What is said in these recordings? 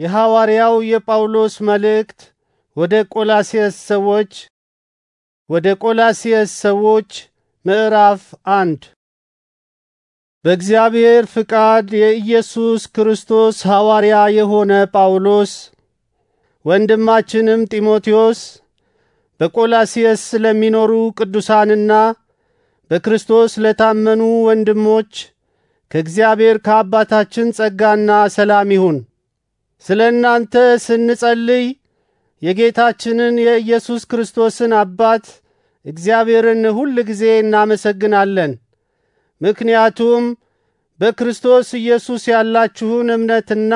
የሐዋርያው የጳውሎስ መልእክት ወደ ቆላስይስ ሰዎች ወደ ቆላስይስ ሰዎች ምዕራፍ አንድ በእግዚአብሔር ፍቃድ የኢየሱስ ክርስቶስ ሐዋርያ የሆነ ጳውሎስ ወንድማችንም ጢሞቴዎስ በቆላስይስ ስለሚኖሩ ቅዱሳንና በክርስቶስ ለታመኑ ወንድሞች ከእግዚአብሔር ከአባታችን ጸጋና ሰላም ይሁን። ስለ እናንተ ስንጸልይ የጌታችንን የኢየሱስ ክርስቶስን አባት እግዚአብሔርን ሁል ጊዜ እናመሰግናለን። ምክንያቱም በክርስቶስ ኢየሱስ ያላችሁን እምነትና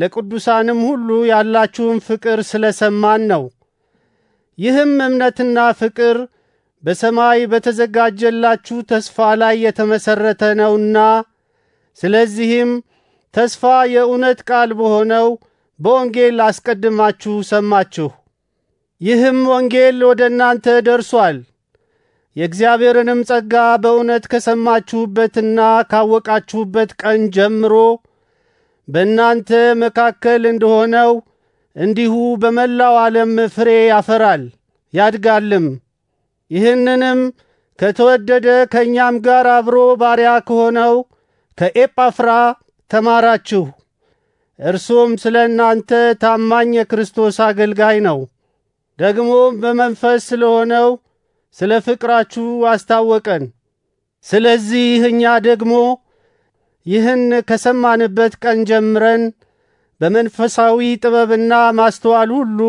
ለቅዱሳንም ሁሉ ያላችሁን ፍቅር ስለ ሰማን ነው። ይህም እምነትና ፍቅር በሰማይ በተዘጋጀላችሁ ተስፋ ላይ የተመሰረተ ነውና ስለዚህም ተስፋ የእውነት ቃል በሆነው በወንጌል አስቀድማችሁ ሰማችሁ። ይህም ወንጌል ወደ እናንተ ደርሷል። የእግዚአብሔርንም ጸጋ በእውነት ከሰማችሁበትና ካወቃችሁበት ቀን ጀምሮ በእናንተ መካከል እንደሆነው እንዲሁ በመላው ዓለም ፍሬ ያፈራል ያድጋልም። ይህንንም ከተወደደ ከእኛም ጋር አብሮ ባሪያ ከሆነው ከኤጳፍራ ተማራችሁ። እርሱም ስለ እናንተ ታማኝ የክርስቶስ አገልጋይ ነው። ደግሞም በመንፈስ ስለሆነው ስለ ፍቅራችሁ አስታወቀን። ስለዚህ እኛ ደግሞ ይህን ከሰማንበት ቀን ጀምረን በመንፈሳዊ ጥበብና ማስተዋል ሁሉ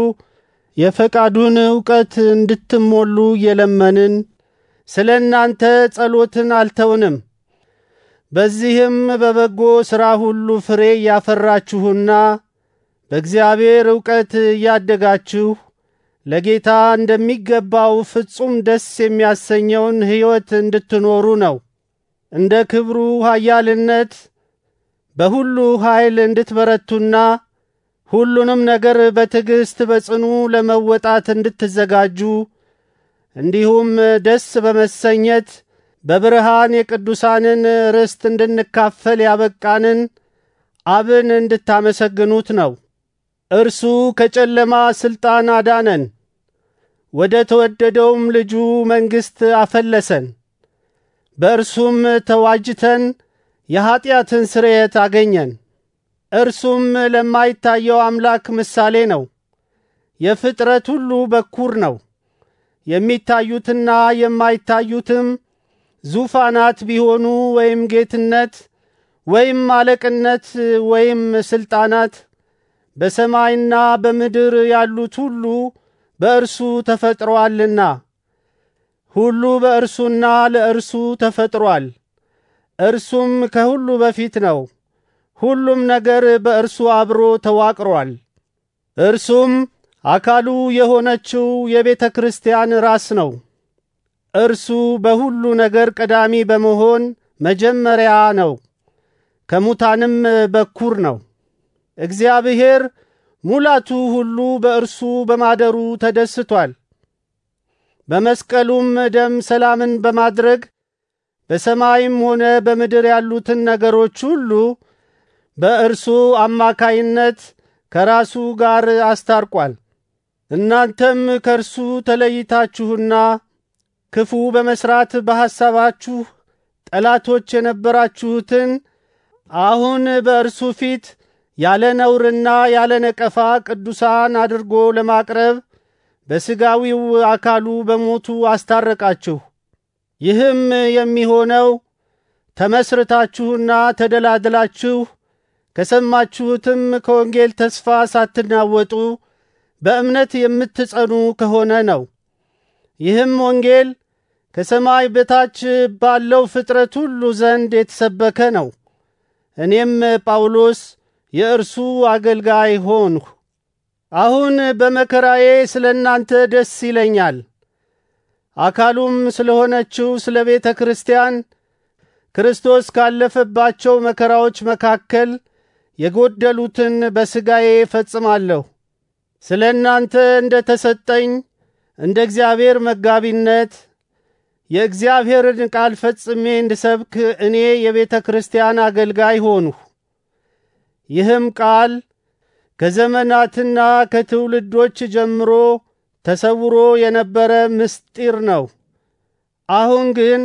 የፈቃዱን እውቀት እንድትሞሉ እየለመንን ስለ እናንተ ጸሎትን አልተውንም። በዚህም በበጎ ሥራ ሁሉ ፍሬ እያፈራችሁና በእግዚአብሔር እውቀት እያደጋችሁ ለጌታ እንደሚገባው ፍጹም ደስ የሚያሰኘውን ሕይወት እንድትኖሩ ነው። እንደ ክብሩ ኃያልነት በሁሉ ኃይል እንድትበረቱና ሁሉንም ነገር በትዕግስት በጽኑ ለመወጣት እንድትዘጋጁ እንዲሁም ደስ በመሰኘት በብርሃን የቅዱሳንን ርስት እንድንካፈል ያበቃንን አብን እንድታመሰግኑት ነው። እርሱ ከጨለማ ስልጣን አዳነን፣ ወደ ተወደደውም ልጁ መንግስት አፈለሰን። በእርሱም ተዋጅተን የኀጢአትን ስርየት አገኘን። እርሱም ለማይታየው አምላክ ምሳሌ ነው። የፍጥረት ሁሉ በኩር ነው። የሚታዩትና የማይታዩትም ዙፋናት ቢሆኑ ወይም ጌትነት ወይም አለቅነት ወይም ስልጣናት በሰማይና በምድር ያሉት ሁሉ በእርሱ ተፈጥሮአልና ሁሉ በእርሱና ለእርሱ ተፈጥሮአል። እርሱም ከሁሉ በፊት ነው፣ ሁሉም ነገር በእርሱ አብሮ ተዋቅሯል። እርሱም አካሉ የሆነችው የቤተ ክርስቲያን ራስ ነው። እርሱ በሁሉ ነገር ቀዳሚ በመሆን መጀመሪያ ነው፣ ከሙታንም በኩር ነው። እግዚአብሔር ሙላቱ ሁሉ በእርሱ በማደሩ ተደስቷል። በመስቀሉም ደም ሰላምን በማድረግ በሰማይም ሆነ በምድር ያሉትን ነገሮች ሁሉ በእርሱ አማካይነት ከራሱ ጋር አስታርቋል። እናንተም ከእርሱ ተለይታችሁና ክፉ በመስራት በሐሳባችሁ ጠላቶች የነበራችሁትን አሁን በእርሱ ፊት ያለ ነውርና ያለ ነቀፋ ቅዱሳን አድርጎ ለማቅረብ በሥጋዊው አካሉ በሞቱ አስታረቃችሁ። ይህም የሚሆነው ተመስርታችሁና ተደላድላችሁ ከሰማችሁትም ከወንጌል ተስፋ ሳትናወጡ በእምነት የምትጸኑ ከሆነ ነው። ይህም ወንጌል ከሰማይ በታች ባለው ፍጥረት ሁሉ ዘንድ የተሰበከ ነው። እኔም ጳውሎስ የእርሱ አገልጋይ ሆንሁ። አሁን በመከራዬ ስለ እናንተ ደስ ይለኛል። አካሉም ስለሆነችው ስለ ቤተ ክርስቲያን ክርስቶስ ካለፈባቸው መከራዎች መካከል የጎደሉትን በስጋዬ ፈጽማለሁ። ስለ እናንተ እንደ ተሰጠኝ እንደ እግዚአብሔር መጋቢነት የእግዚአብሔርን ቃል ፈጽሜ እንድሰብክ እኔ የቤተ ክርስቲያን አገልጋይ ሆንሁ። ይህም ቃል ከዘመናትና ከትውልዶች ጀምሮ ተሰውሮ የነበረ ምስጢር ነው። አሁን ግን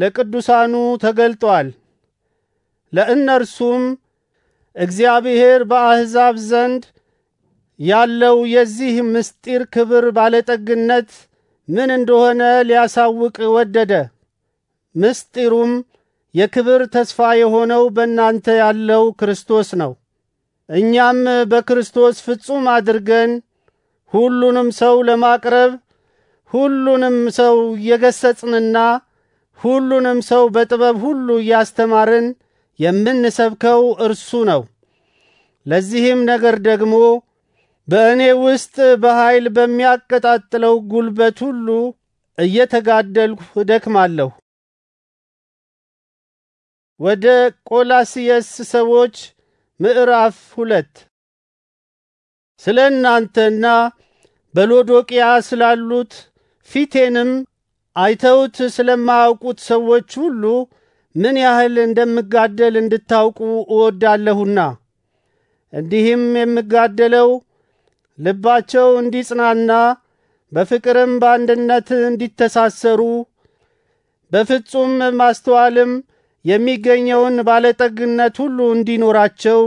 ለቅዱሳኑ ተገልጧል። ለእነርሱም እግዚአብሔር በአሕዛብ ዘንድ ያለው የዚህ ምስጢር ክብር ባለጠግነት ምን እንደሆነ ሊያሳውቅ ወደደ። ምስጢሩም የክብር ተስፋ የሆነው በእናንተ ያለው ክርስቶስ ነው። እኛም በክርስቶስ ፍጹም አድርገን ሁሉንም ሰው ለማቅረብ ሁሉንም ሰው እየገሰጽንና ሁሉንም ሰው በጥበብ ሁሉ እያስተማርን የምንሰብከው እርሱ ነው። ለዚህም ነገር ደግሞ በእኔ ውስጥ በኃይል በሚያቀጣጥለው ጉልበት ሁሉ እየተጋደልሁ እደክማለሁ። ወደ ቆላስየስ ሰዎች ምዕራፍ ሁለት ስለ እናንተና በሎዶቅያ ስላሉት ፊቴንም አይተውት ስለማያውቁት ሰዎች ሁሉ ምን ያህል እንደምጋደል እንድታውቁ እወዳለሁና እንዲህም የምጋደለው ልባቸው እንዲጽናና በፍቅርም በአንድነት እንዲተሳሰሩ በፍጹም ማስተዋልም የሚገኘውን ባለጠግነት ሁሉ እንዲኖራቸው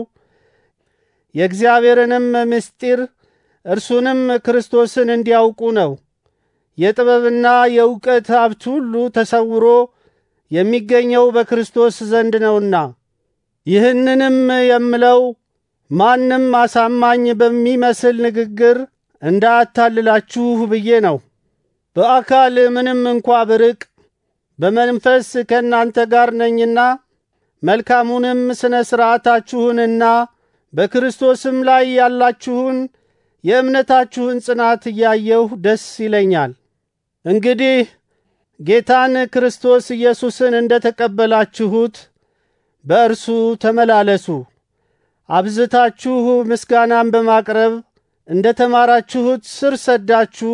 የእግዚአብሔርንም ምስጢር እርሱንም ክርስቶስን እንዲያውቁ ነው። የጥበብና የእውቀት ሀብት ሁሉ ተሰውሮ የሚገኘው በክርስቶስ ዘንድ ነውና። ይህንንም የምለው ማንም አሳማኝ በሚመስል ንግግር እንዳታልላችሁ ብዬ ነው። በአካል ምንም እንኳ ብርቅ፣ በመንፈስ ከእናንተ ጋር ነኝና መልካሙንም ስነ ሥርዓታችሁንና በክርስቶስም ላይ ያላችሁን የእምነታችሁን ጽናት እያየሁ ደስ ይለኛል። እንግዲህ ጌታን ክርስቶስ ኢየሱስን እንደ ተቀበላችሁት በእርሱ ተመላለሱ። አብዝታችሁ ምስጋናን በማቅረብ እንደ ተማራችሁት ስር ሰዳችሁ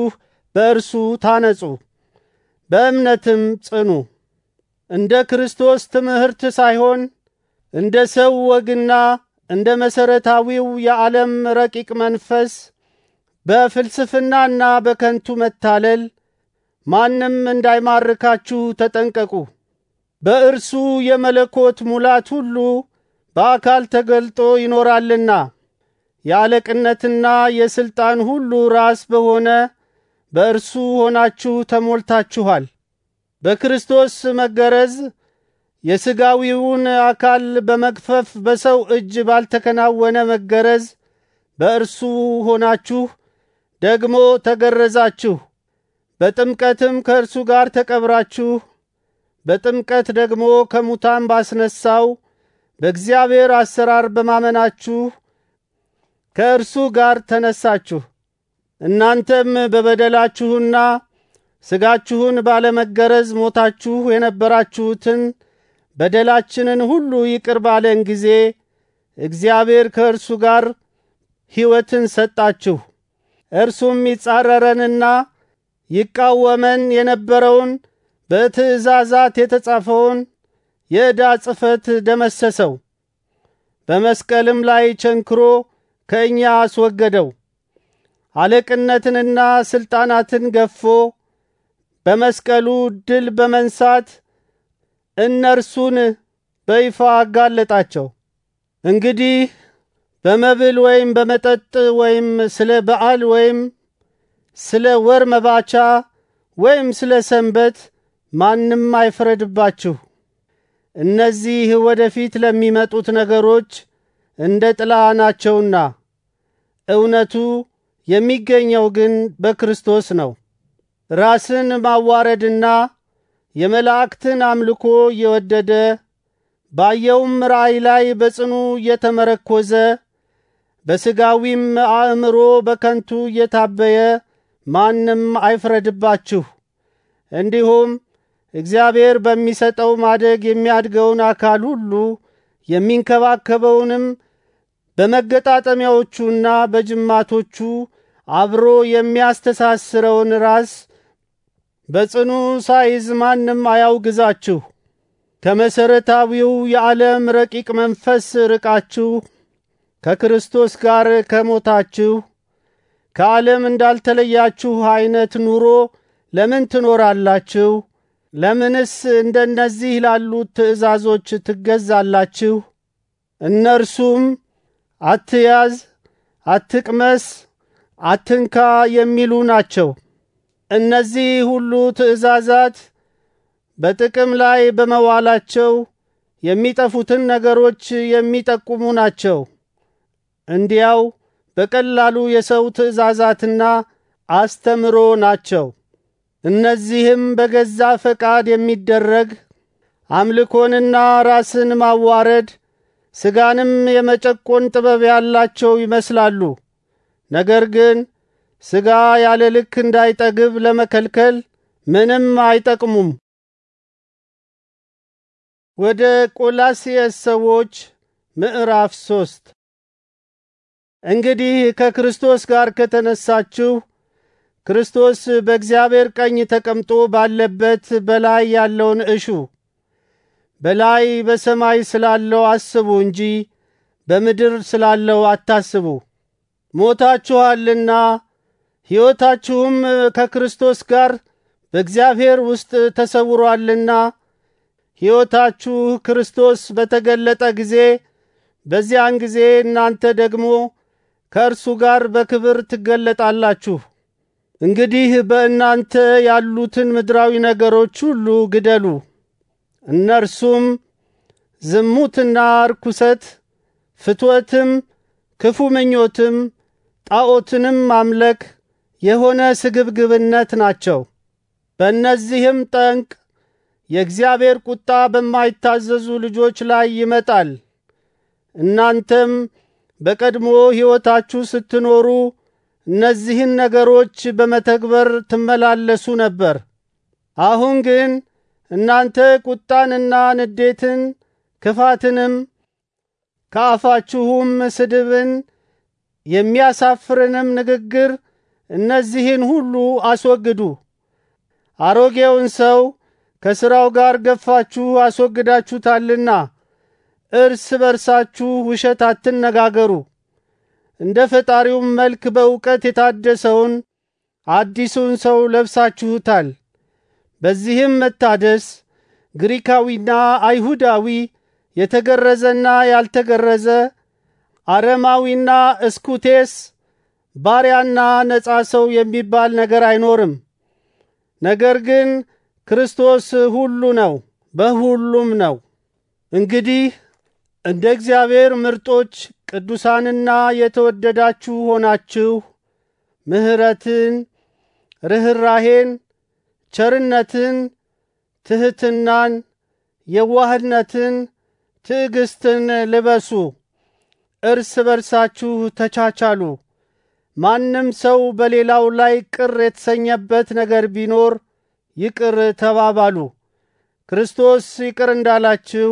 በእርሱ ታነጹ፣ በእምነትም ጽኑ። እንደ ክርስቶስ ትምህርት ሳይሆን እንደ ሰው ወግና እንደ መሰረታዊው የዓለም ረቂቅ መንፈስ በፍልስፍናና በከንቱ መታለል ማንም እንዳይማርካችሁ ተጠንቀቁ። በእርሱ የመለኮት ሙላት ሁሉ በአካል ተገልጦ ይኖራልና የአለቅነትና የስልጣን ሁሉ ራስ በሆነ በእርሱ ሆናችሁ ተሞልታችኋል። በክርስቶስ መገረዝ የስጋዊውን አካል በመግፈፍ በሰው እጅ ባልተከናወነ መገረዝ በእርሱ ሆናችሁ ደግሞ ተገረዛችሁ። በጥምቀትም ከእርሱ ጋር ተቀብራችሁ በጥምቀት ደግሞ ከሙታን ባስነሳው በእግዚአብሔር አሰራር በማመናችሁ ከእርሱ ጋር ተነሳችሁ። እናንተም በበደላችሁና ስጋችሁን ባለመገረዝ ሞታችሁ የነበራችሁትን በደላችንን ሁሉ ይቅር ባለን ጊዜ እግዚአብሔር ከእርሱ ጋር ሕይወትን ሰጣችሁ። እርሱም ይጻረረንና ይቃወመን የነበረውን በትእዛዛት የተጻፈውን የዕዳ ጽፈት ደመሰሰው፣ በመስቀልም ላይ ቸንክሮ ከእኛ አስወገደው። አለቅነትንና ስልጣናትን ገፎ በመስቀሉ ድል በመንሳት እነርሱን በይፋ አጋለጣቸው። እንግዲህ በመብል ወይም በመጠጥ ወይም ስለ በዓል ወይም ስለ ወር መባቻ ወይም ስለ ሰንበት ማንም አይፍረድባችሁ። እነዚህ ወደፊት ለሚመጡት ነገሮች እንደ ጥላ ናቸውና፣ እውነቱ የሚገኘው ግን በክርስቶስ ነው። ራስን ማዋረድና የመላእክትን አምልኮ እየወደደ ባየውም ራእይ ላይ በጽኑ እየተመረኮዘ በስጋዊም አእምሮ በከንቱ እየታበየ ማንም አይፍረድባችሁ። እንዲሁም እግዚአብሔር በሚሰጠው ማደግ የሚያድገውን አካል ሁሉ የሚንከባከበውንም በመገጣጠሚያዎቹና በጅማቶቹ አብሮ የሚያስተሳስረውን ራስ በጽኑ ሳይዝ ማንም አያውግዛችሁ። ከመሰረታዊው የዓለም ረቂቅ መንፈስ ርቃችሁ ከክርስቶስ ጋር ከሞታችሁ ከዓለም እንዳልተለያችሁ አይነት ኑሮ ለምን ትኖራላችሁ? ለምንስ እንደነዚህ ላሉት ትእዛዞች ትገዛላችሁ? እነርሱም አትያዝ፣ አትቅመስ፣ አትንካ የሚሉ ናቸው። እነዚህ ሁሉ ትእዛዛት በጥቅም ላይ በመዋላቸው የሚጠፉትን ነገሮች የሚጠቁሙ ናቸው። እንዲያው በቀላሉ የሰው ትእዛዛትና አስተምሮ ናቸው። እነዚህም በገዛ ፈቃድ የሚደረግ አምልኮንና ራስን ማዋረድ ስጋንም የመጨቆን ጥበብ ያላቸው ይመስላሉ። ነገር ግን ስጋ ያለ ልክ እንዳይጠግብ ለመከልከል ምንም አይጠቅሙም። ወደ ቆላስየስ ሰዎች ምዕራፍ ሶስት እንግዲህ ከክርስቶስ ጋር ከተነሳችሁ ክርስቶስ በእግዚአብሔር ቀኝ ተቀምጦ ባለበት በላይ ያለውን እሹ በላይ በሰማይ ስላለው አስቡ እንጂ በምድር ስላለው አታስቡ። ሞታችኋልና ሕይወታችሁም ከክርስቶስ ጋር በእግዚአብሔር ውስጥ ተሰውሮአልና ሕይወታችሁ ክርስቶስ በተገለጠ ጊዜ በዚያን ጊዜ እናንተ ደግሞ ከእርሱ ጋር በክብር ትገለጣላችሁ። እንግዲህ በእናንተ ያሉትን ምድራዊ ነገሮች ሁሉ ግደሉ። እነርሱም ዝሙትና ርኩሰት፣ ፍትወትም፣ ክፉ ምኞትም፣ ጣዖትንም ማምለክ የሆነ ስግብግብነት ናቸው። በእነዚህም ጠንቅ የእግዚአብሔር ቁጣ በማይታዘዙ ልጆች ላይ ይመጣል። እናንተም በቀድሞ ሕይወታችሁ ስትኖሩ እነዚህን ነገሮች በመተግበር ትመላለሱ ነበር። አሁን ግን እናንተ ቁጣንና ንዴትን፣ ክፋትንም ከአፋችሁም ስድብን የሚያሳፍርንም ንግግር እነዚህን ሁሉ አስወግዱ። አሮጌውን ሰው ከስራው ጋር ገፋችሁ አስወግዳችሁታልና እርስ በርሳችሁ ውሸት አትነጋገሩ። እንደ ፈጣሪውም መልክ በእውቀት የታደሰውን አዲሱን ሰው ለብሳችሁታል። በዚህም መታደስ ግሪካዊና አይሁዳዊ፣ የተገረዘና ያልተገረዘ፣ አረማዊና እስኩቴስ፣ ባሪያና ነጻ ሰው የሚባል ነገር አይኖርም። ነገር ግን ክርስቶስ ሁሉ ነው፣ በሁሉም ነው። እንግዲህ እንደ እግዚአብሔር ምርጦች ቅዱሳንና የተወደዳችሁ ሆናችሁ ምሕረትን፣ ርኅራሄን፣ ቸርነትን፣ ትሕትናን፣ የዋህነትን፣ ትዕግስትን ልበሱ። እርስ በርሳችሁ ተቻቻሉ። ማንም ሰው በሌላው ላይ ቅር የተሰኘበት ነገር ቢኖር ይቅር ተባባሉ፣ ክርስቶስ ይቅር እንዳላችሁ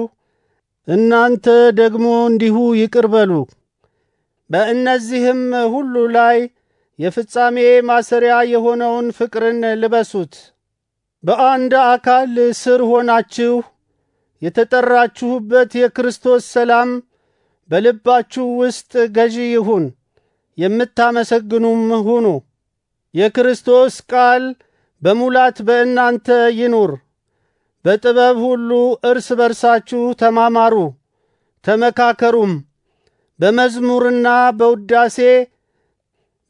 እናንተ ደግሞ እንዲሁ ይቅር በሉ። በእነዚህም ሁሉ ላይ የፍጻሜ ማሰሪያ የሆነውን ፍቅርን ልበሱት። በአንድ አካል ስር ሆናችሁ የተጠራችሁበት የክርስቶስ ሰላም በልባችሁ ውስጥ ገዢ ይሁን፣ የምታመሰግኑም ሁኑ። የክርስቶስ ቃል በሙላት በእናንተ ይኑር። በጥበብ ሁሉ እርስ በርሳችሁ ተማማሩ ተመካከሩም፣ በመዝሙርና በውዳሴ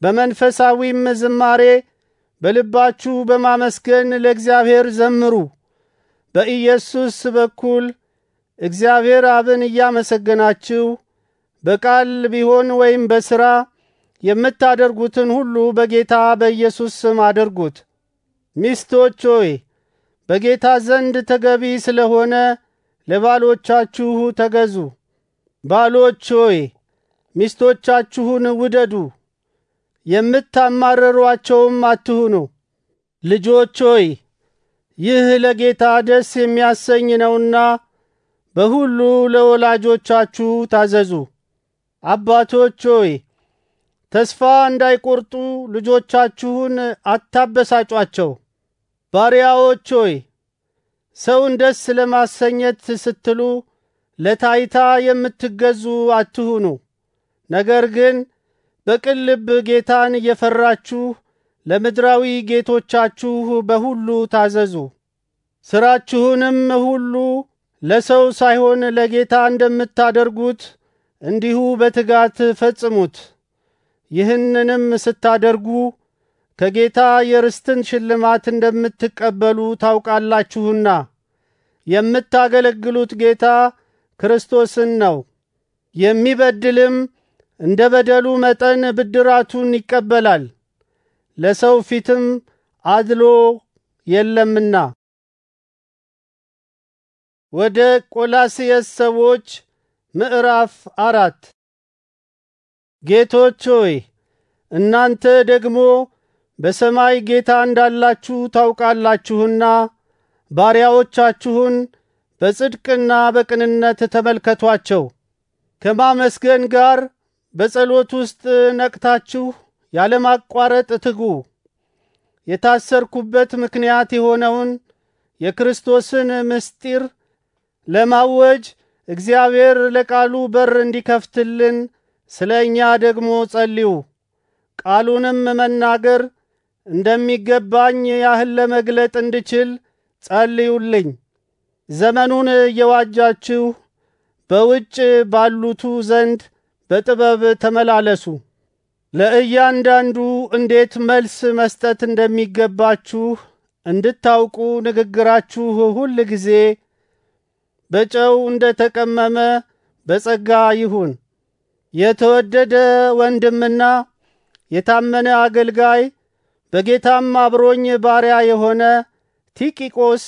በመንፈሳዊም ዝማሬ በልባችሁ በማመስገን ለእግዚአብሔር ዘምሩ። በኢየሱስ በኩል እግዚአብሔር አብን እያመሰገናችሁ በቃል ቢሆን ወይም በሥራ የምታደርጉትን ሁሉ በጌታ በኢየሱስ ስም አድርጉት። ሚስቶች ሆይ በጌታ ዘንድ ተገቢ ስለሆነ ለባሎቻችሁ ተገዙ። ባሎች ሆይ ሚስቶቻችሁን ውደዱ፣ የምታማረሯቸውም አትሁኑ። ልጆች ሆይ ይህ ለጌታ ደስ የሚያሰኝ ነውና በሁሉ ለወላጆቻችሁ ታዘዙ። አባቶች ሆይ ተስፋ እንዳይቆርጡ ልጆቻችሁን አታበሳጯቸው። ባሪያዎች ሆይ ሰውን ደስ ለማሰኘት ስትሉ ለታይታ የምትገዙ አትሁኑ። ነገር ግን በቅን ልብ ጌታን እየፈራችሁ ለምድራዊ ጌቶቻችሁ በሁሉ ታዘዙ። ስራችሁንም ሁሉ ለሰው ሳይሆን ለጌታ እንደምታደርጉት እንዲሁ በትጋት ፈጽሙት። ይህንንም ስታደርጉ ከጌታ የርስትን ሽልማት እንደምትቀበሉ ታውቃላችሁና የምታገለግሉት ጌታ ክርስቶስን ነው። የሚበድልም እንደ በደሉ መጠን ብድራቱን ይቀበላል። ለሰው ፊትም አድሎ የለምና። ወደ ቆላስየስ ሰዎች ምዕራፍ አራት ጌቶች ሆይ እናንተ ደግሞ በሰማይ ጌታ እንዳላችሁ ታውቃላችሁና ባሪያዎቻችሁን በጽድቅና በቅንነት ተመልከቷቸው። ከማመስገን ጋር በጸሎት ውስጥ ነቅታችሁ ያለማቋረጥ ትጉ። የታሰርኩበት ምክንያት የሆነውን የክርስቶስን ምስጢር ለማወጅ እግዚአብሔር ለቃሉ በር እንዲከፍትልን ስለ እኛ ደግሞ ጸልዩ። ቃሉንም መናገር እንደሚገባኝ ያህል ለመግለጥ እንድችል ጸልዩልኝ። ዘመኑን እየዋጃችሁ በውጭ ባሉቱ ዘንድ በጥበብ ተመላለሱ። ለእያንዳንዱ እንዴት መልስ መስጠት እንደሚገባችሁ እንድታውቁ ንግግራችሁ ሁል ጊዜ በጨው እንደ ተቀመመ በጸጋ ይሁን። የተወደደ ወንድምና የታመነ አገልጋይ በጌታም አብሮኝ ባሪያ የሆነ ቲቂቆስ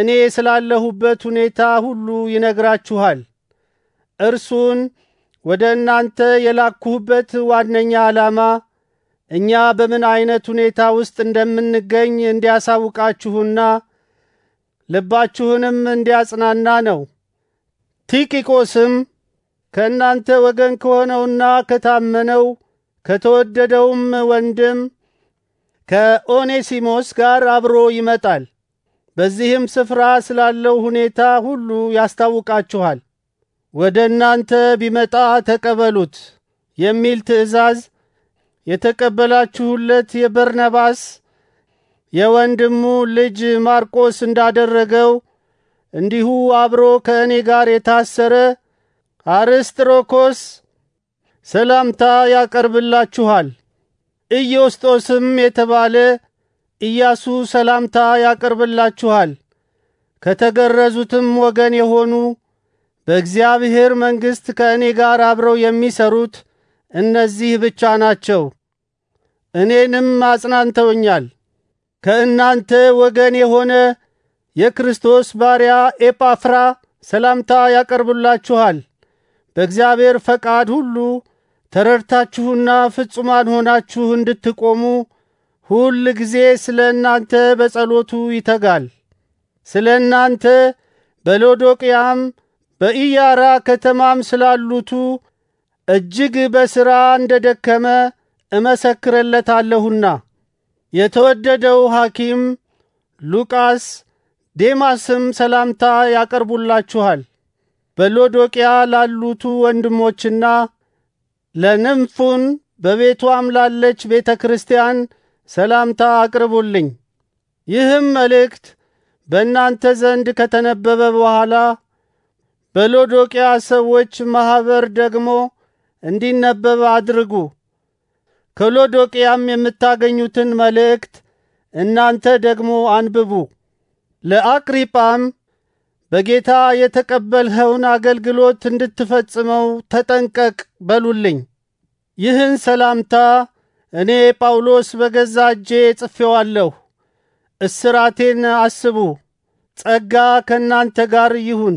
እኔ ስላለሁበት ሁኔታ ሁሉ ይነግራችኋል። እርሱን ወደ እናንተ የላኩሁበት ዋነኛ ዓላማ እኛ በምን አይነት ሁኔታ ውስጥ እንደምንገኝ እንዲያሳውቃችሁና ልባችሁንም እንዲያጽናና ነው። ቲቂቆስም ከእናንተ ወገን ከሆነውና ከታመነው ከተወደደውም ወንድም ከኦኔሲሞስ ጋር አብሮ ይመጣል። በዚህም ስፍራ ስላለው ሁኔታ ሁሉ ያስታውቃችኋል። ወደ እናንተ ቢመጣ ተቀበሉት የሚል ትእዛዝ የተቀበላችሁለት የበርናባስ የወንድሙ ልጅ ማርቆስ እንዳደረገው እንዲሁ አብሮ ከእኔ ጋር የታሰረ አርስጥሮኮስ ሰላምታ ያቀርብላችኋል። ኢዮስጦስም የተባለ ኢያሱ ሰላምታ ያቀርብላችኋል። ከተገረዙትም ወገን የሆኑ በእግዚአብሔር መንግሥት ከእኔ ጋር አብረው የሚሰሩት እነዚህ ብቻ ናቸው። እኔንም አጽናንተውኛል። ከእናንተ ወገን የሆነ የክርስቶስ ባሪያ ኤጳፍራ ሰላምታ ያቀርብላችኋል። በእግዚአብሔር ፈቃድ ሁሉ ተረድታችሁና ፍጹማን ሆናችሁ እንድትቆሙ ሁል ጊዜ ስለ እናንተ በጸሎቱ ይተጋል። ስለ እናንተ በሎዶቅያም በኢያራ ከተማም ስላሉቱ እጅግ በሥራ እንደ ደከመ እመሰክርለታለሁና የተወደደው ሐኪም ሉቃስ ዴማስም ሰላምታ ያቀርቡላችኋል። በሎዶቅያ ላሉቱ ወንድሞችና ለንምፉን በቤቷም ላለች ቤተ ክርስቲያን ሰላምታ አቅርቡልኝ። ይህም መልእክት በእናንተ ዘንድ ከተነበበ በኋላ በሎዶቅያ ሰዎች ማኅበር ደግሞ እንዲነበብ አድርጉ። ከሎዶቅያም የምታገኙትን መልእክት እናንተ ደግሞ አንብቡ። ለአቅሪጳም በጌታ የተቀበልኸውን አገልግሎት እንድትፈጽመው ተጠንቀቅ በሉልኝ። ይህን ሰላምታ እኔ ጳውሎስ በገዛ እጄ ጽፌዋለሁ። እስራቴን አስቡ። ጸጋ ከእናንተ ጋር ይሁን።